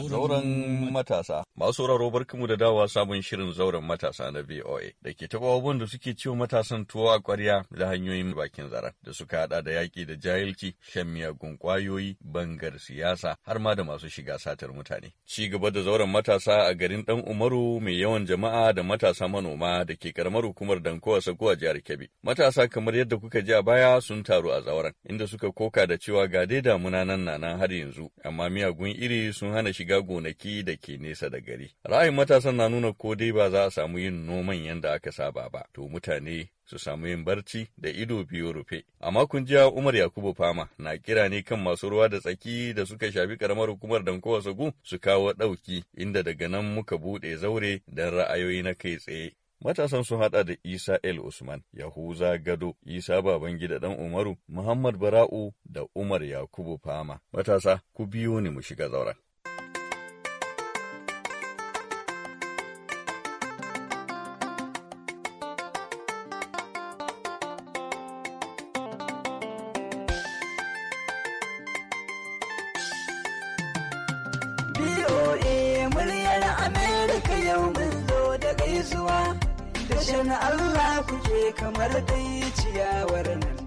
Zauren matasa. Masu sauraro barkamu da dawa sabon shirin zauren matasa na VOA da ke taɓa abubuwan da suke ciwo matasan tuwo a ƙwarya da hanyoyin bakin zara da suka haɗa da yaƙi da jahilci, shan miyagun ƙwayoyi, bangar siyasa har ma da masu shiga satar mutane. Ci gaba da zauren matasa a garin Ɗan Umaru mai yawan jama'a da matasa manoma da ke karamar hukumar Dankowa a jihar Kebbi. Matasa kamar yadda kuka ji a baya sun taru a zauren inda suka koka da cewa ga dai damuna nan na har yanzu amma miyagun iri sun hana shi shiga gonaki da ke nesa da gari. Ra'ayin matasan na nuna ko dai ba za a samu yin noman yadda aka saba ba, to mutane su samu yin barci da ido biyu rufe. A makon jiya Umar Yakubu Fama na kira ne kan masu ruwa da tsaki da suka shafi karamar hukumar Dankowa Sagu su kawo ɗauki inda daga nan muka buɗe zaure don ra'ayoyi na kai tsaye. Matasan sun haɗa da Isa El Usman, Yahuza Gado, Isa Babangida Dan Umaru, Muhammad Bara'u da Umar Yakubu Fama. Matasa, ku biyo ni mu shiga zauren. na Allah kamar dai nan.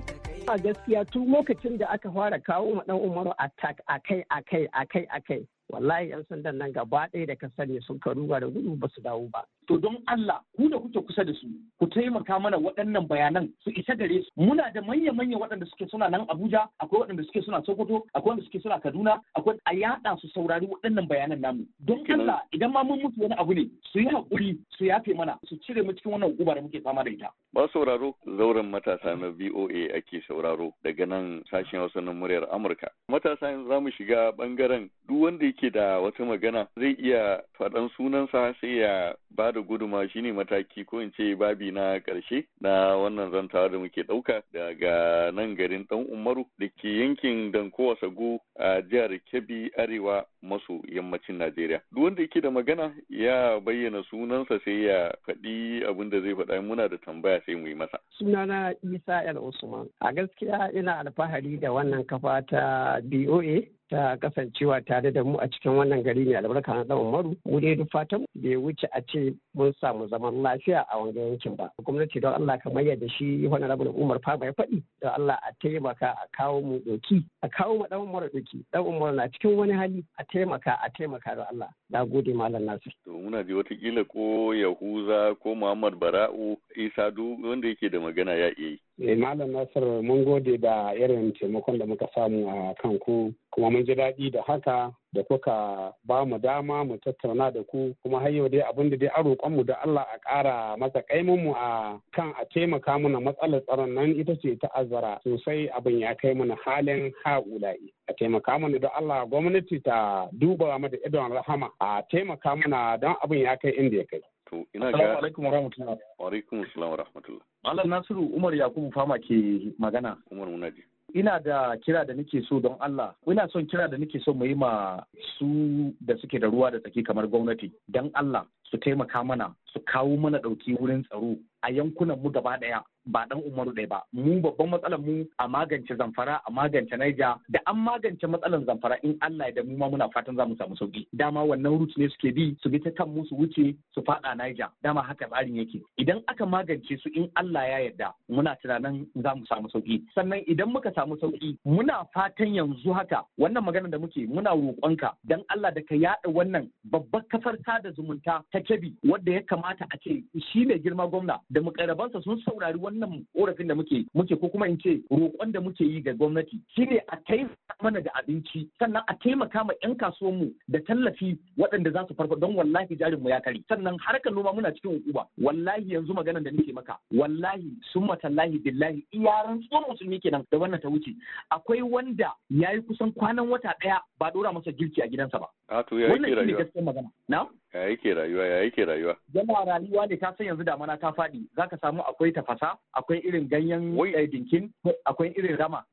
A gaskiya tun lokacin da aka fara kawo ma dan Umaru attack akai akai akai akai wallahi yan sandan nan gaba ɗaya da ka sani sun karuwa da gudu ba su dawo ba. to don Allah ku da kuke kusa da su ku taimaka mana waɗannan bayanan su isa gare su muna da manya-manya waɗanda suke suna nan Abuja akwai waɗanda suke suna Sokoto akwai waɗanda suke suna Kaduna akwai a yaɗa su saurari waɗannan bayanan namu don Allah idan ma mun mutu wani abu ne su yi hakuri, su yafe mana su cire mu cikin wannan guba da muke fama da ita ba sauraro zauren matasa na VOA ake sauraro daga nan sashen Hausa na muryar Amurka matasa yanzu zamu shiga bangaren duk wanda yake da wata magana zai iya faɗan sunansa sai ya ba da guduma shine mataki ko in ce babi na karshe na wannan zantawa da muke ɗauka daga nan garin dan umaru da ke yankin dankowa sago a jihar kebbi arewa maso yammacin najeriya duk wanda yake da magana ya bayyana sunansa sai ya faɗi abin da zai faɗa muna da tambaya sai mu yi masa sunana isa el usman a gaskiya ina alfahari da wannan kafa ta boa ta kasancewa tare da mu a cikin wannan gari mai albarka na dan umaru mu dai duk fatan bai wuce a ce mun samu zaman lafiya a wanga yankin ba gwamnati don Allah kamar da shi wani rabin umar fa ya faɗi don Allah a taimaka a kawo mu doki a kawo mu dan umaru doki dan umaru na cikin wani hali a taimaka a taimaka da Allah na gode malam nasir to muna ji watakila ko yahuza ko muhammad bara'u isa duk wanda yake da magana ya iya yi Eh, Malam Nasir mun gode da irin taimakon da muka samu a kanku. kuma mun ji daɗi da haka da kuka ba mu dama mu tattauna da ku kuma har yau dai abin da dai a roƙon mu da Allah a ƙara masa kaimin mu a kan a taimaka mana matsalar tsaron nan ita ce ta azara sosai abin ya kai mana halin ha'ula'i a taimaka mana da Allah gwamnati ta duba mu da idon rahama a taimaka mana don abin ya kai inda ya kai. To ina ga Assalamu alaikum warahmatullahi wa alaikum assalam wa rahmatullah. Malam Nasiru Umar Yakubu Fama ke magana. Umar muna ji. Ina da kira da nake so don Allah, ina son kira da nake so mu yi ma su da suke da ruwa da tsaki kamar gwamnati don Allah su taimaka mana su kawo mana ɗauki wurin tsaro a yankunan mu gaba ɗaya ba dan umaru ɗaya ba mu babban matsalar mu a magance zamfara a magance naija da an magance matsalar zamfara in allah da mu ma muna fatan za mu samu sauki dama wannan rut ne suke bi su bi ta kan mu su wuce su faɗa naija dama haka tsarin yake idan aka magance su in allah ya yarda muna tunanin za mu samu sauki sannan idan muka samu sauki muna fatan yanzu haka wannan magana da muke muna roƙonka dan allah da ka yaɗa wannan babbar kafar sada zumunta ta Kebbi wanda ya kamata a ce shi ne girma gwamna da mukarabansa sun saurari wannan korafin da muke muke ko kuma in ce roƙon da muke yi ga gwamnati Shi ne a taimaka mana da abinci sannan a taimaka ma 'yan kasuwanmu da tallafi waɗanda za su farfa don wallahi jarin mu ya kare sannan harkar noma muna cikin hukuma wallahi yanzu maganar da nake maka wallahi summa tallahi billahi iyaran tsohon musulmi kenan da wannan ta wuce akwai wanda yayi kusan kwanan wata ɗaya ba dora masa girki a gidansa ba wannan shine gaskiyar magana na ya yake rayuwa ya yake rayuwa yana rayuwa ne ta san yanzu damana ta faɗi zaka samu akwai tafasa akwai irin ganyen eh, dinkin akwai irin rama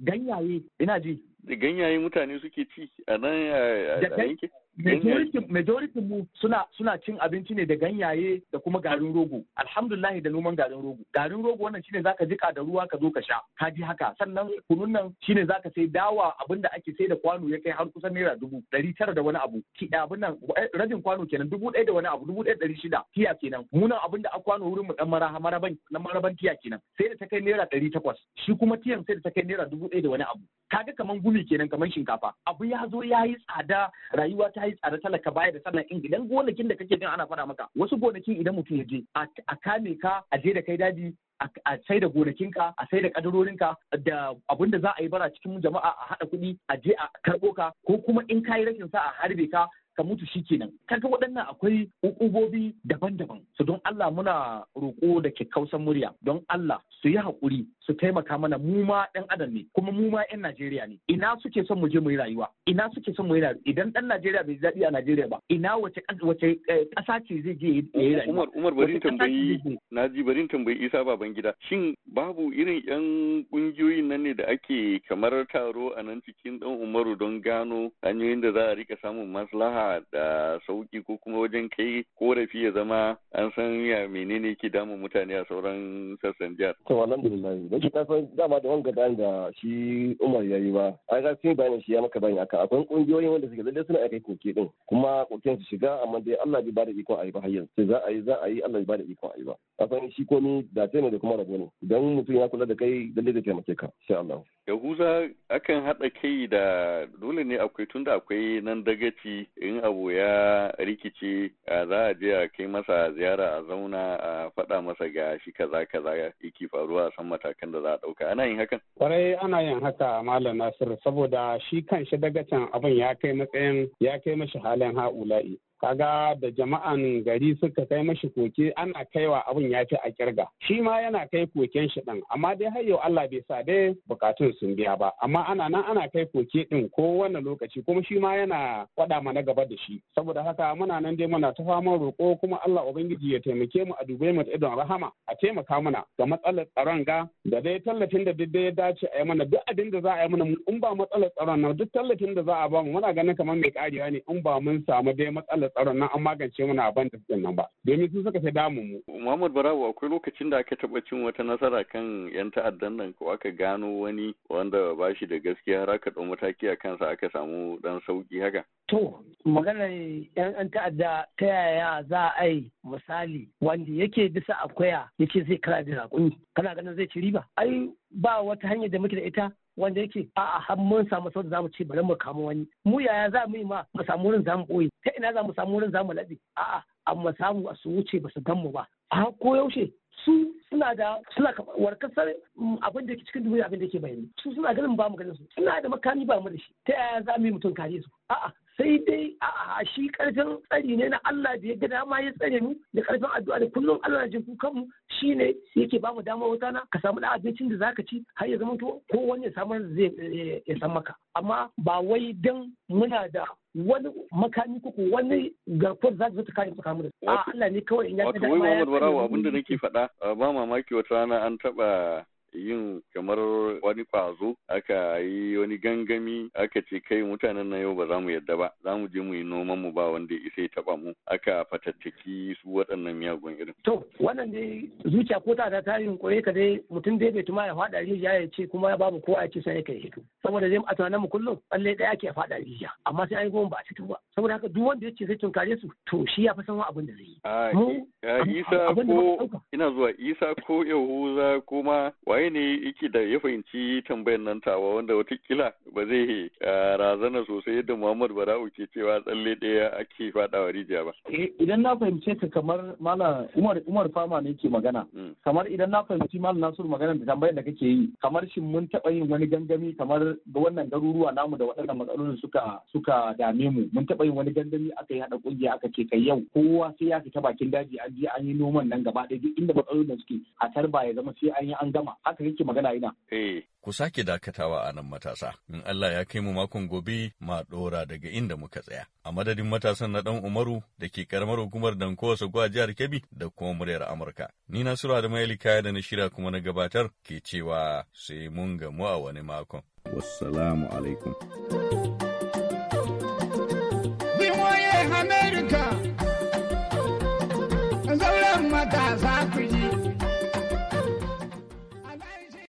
ganyaye ina ji ganyaye mutane suke ci a nan a yankin majority mu suna suna cin abinci ne da ganyaye da kuma garin rogo alhamdulillah da noman garin rogo garin rogo wannan shine zaka jika da ruwa ka zo ka sha ka ji haka sannan kunun nan shine zaka sai dawa abinda ake sai da kwano ya kai har kusan naira dubu ɗari tara da wani abu ki abin nan eh, rajin kwano kenan dubu ɗaya da wani abu dubu ɗaya ɗari shida tiya kenan munan abinda a kwano wurin mu dan maraban na maraban tiya kenan sai da ta kai naira ɗari takwas shi kuma tiyan sai da ta kai naira dubu ɗaya da wani abu Ka kaga kaman gumi kenan kaman shinkafa abu ya zo ya yi tsada rayuwa ta ai yi tsare talaka baya da sannan ingilan gonakin da kake bin ana faɗa maka wasu gonakin idan mutum ya je a kame ka a je da kai daji a sai da gonakinka a sai da ka, da abin da za a yi bara cikin jama'a a haɗa kuɗi a je a karɓo ka ko kuma in kayi rashin sa a harbe ka ka mutu shi kenan kaga waɗannan akwai ukubobi daban-daban su don Allah muna roƙo da kyakkyausan murya don Allah su yi haƙuri su taimaka mana mu ma ɗan adam ne kuma mu ma 'yan Najeriya ne ina suke son mu je mu yi rayuwa ina suke son mu yi rayuwa idan ɗan Najeriya bai zaɓi a Najeriya ba ina wace wace eh, ƙasa ce zai je ya yi rayuwa Umar Umar barin tambayi Naji barin tambayi Isa baban gida shin babu irin ƴan ƙungiyoyin nan ne da ake kamar taro a nan cikin ɗan Umaru don gano hanyoyin da za a rika samun maslaha da sauki ko kuma wajen kai korafi ya zama an san ya menene ke damun mutane a sauran sassan jihar. To alhamdulillah da shi san dama da wanga bayan da shi umar ya yi ba ai ga sai bayanin shi ya maka bayani akan akwai kungiyoyin wanda suke lalle suna aikai koke din kuma koken su shiga amma dai Allah bai bada ikon ayi ba har yanzu za a yi za a yi Allah bai bada ikon ayi ba san shi komi da ne da kuma rabo ne idan mutum ya kula da kai lalle zai taimake ka insha Allah Yahuza akan haɗa kai da dole ne akwai tunda akwai nan dagaci in abu ya rikice za a je a kai masa ziyara a zauna a faɗa masa ga shi kaza kaza yake faruwa a san matakan matakan da za a ɗauka ana yin hakan kwarai ana yin haka malam Nasiru saboda shi kan shi can abin ya kai matsayin ya kai mashi halin ha'ula'i kaga da jama'an gari suka kai mashi koke ana kaiwa abun ya fi a kirga shi ma yana kai koken shi din amma dai har yau Allah bai sa dai bukatun sun biya ba amma ana nan ana kai koke din ko wannan lokaci kuma shi ma yana kwada mana gaba da shi saboda haka muna nan dai muna ta faman roƙo kuma Allah ubangiji ya taimake mu a dubai mu idon rahama a taimaka mana ga matsalar tsaron ga da dai tallafin da duk dai ya dace a yi mana duk abin da za a yi mana in ba matsalar tsaron nan duk tallafin da za a ba mu muna ganin kamar mai karewa ne in ba mun samu dai matsalar tsaron nan an magance mana a ban tafiyan nan ba domin sun suka fi damun mu. Muhammad Barawo akwai lokacin da aka taɓa cin wata nasara kan 'yan ta'addan nan ko aka gano wani wanda ba shi da gaskiya har aka ɗau mataki a kansa aka samu ɗan sauƙi haka. To maganar 'yan ta'adda ta yaya za a yi misali wanda yake bisa akwaya yake zai kara da raƙumi kana ganin zai ci riba ai ba wata hanyar da muke da ita wanda yake a'a har mun samu sau zamu ce bari mu kama wani mu yaya za mu yi ma mu samu wurin zamu boye ta ina za mu samu wurin zamu laɗe a'a amma samu a su wuce ba su gan mu ba a ko yaushe su suna da suna warkasar mm, abin da ke cikin duniya abin da ke bayani su suna ganin ba mu ganin su suna da makami ba mu da shi ta yaya za mu yi mutum kare su a'a sai dai a shi karfin tsari ne na Allah da ya ga dama ya tsare mu da karfin addu'a da kullum Allah na jin kanmu shi shine yake ba mu dama wata na ka samu da abincin da zaka ci har ya zama to ko wani samar zai eh, ya san maka amma ba wai dan muna da wani makami ko wani garkuwar za ta kare tsakanin da Allah ne kawai in ya ga dama ya wato wai Muhammad Barawo abinda nake faɗa ba mamaki wata rana an taba yin kamar wani kwazo aka yi wani gangami aka ce kai mutanen na yau ba za mu yadda ba za mu je mu yi noman mu ba wanda isa ya taba mu aka fatattaki su waɗannan miyagun irin. To wannan dai zuciya ko ta ta yin kore ka dai mutum dai bai tuma ya faɗa rijiya ya ce kuma babu kowa ya ce sai kai hito. saboda zai a tunanin mu kullum tsalle ɗaya ke faɗa rijiya amma sai an yi goma ba a fito ba saboda haka duk wanda ya ce zai tunkare su to shi ya fi san abin da zai yi. isa ko ina zuwa isa ko yahuza kuma waye ne yake da ya fahimci tambayar nan tawa wanda watakila ba zai razana sosai yadda muhammad bara'u ke cewa tsalle ɗaya ake faɗawa rijiya ba. Eh, idan na fahimce ka kamar mala umar umar fama ne ke magana hmm. kamar idan na fahimci mala nasiru maganar da tambayar da kake yi kamar shin mun taɓa yin wani gangami kamar ga wannan garuruwa namu da waɗannan matsalolin suka suka dame mu mun taɓa yin wani ganzami aka yi haɗa ƙungiya aka ce kai yau kowa sai ya fita bakin daji an je an yi noman nan gaba ɗaya duk inda matsalolin da suke a tarba ya zama sai an yi an gama haka yake magana ina. Eh. Ku sake dakatawa a nan matasa in Allah ya kai mu makon gobe ma ɗora daga inda muka tsaya. A madadin matasan na ɗan Umaru da ke karamar hukumar Danko gwa jihar Kebbi da kuma muryar Amurka. Ni na Sura da Kaya da na shirya kuma na gabatar ke cewa sai mun gamu a wani makon. والسلام عليكم.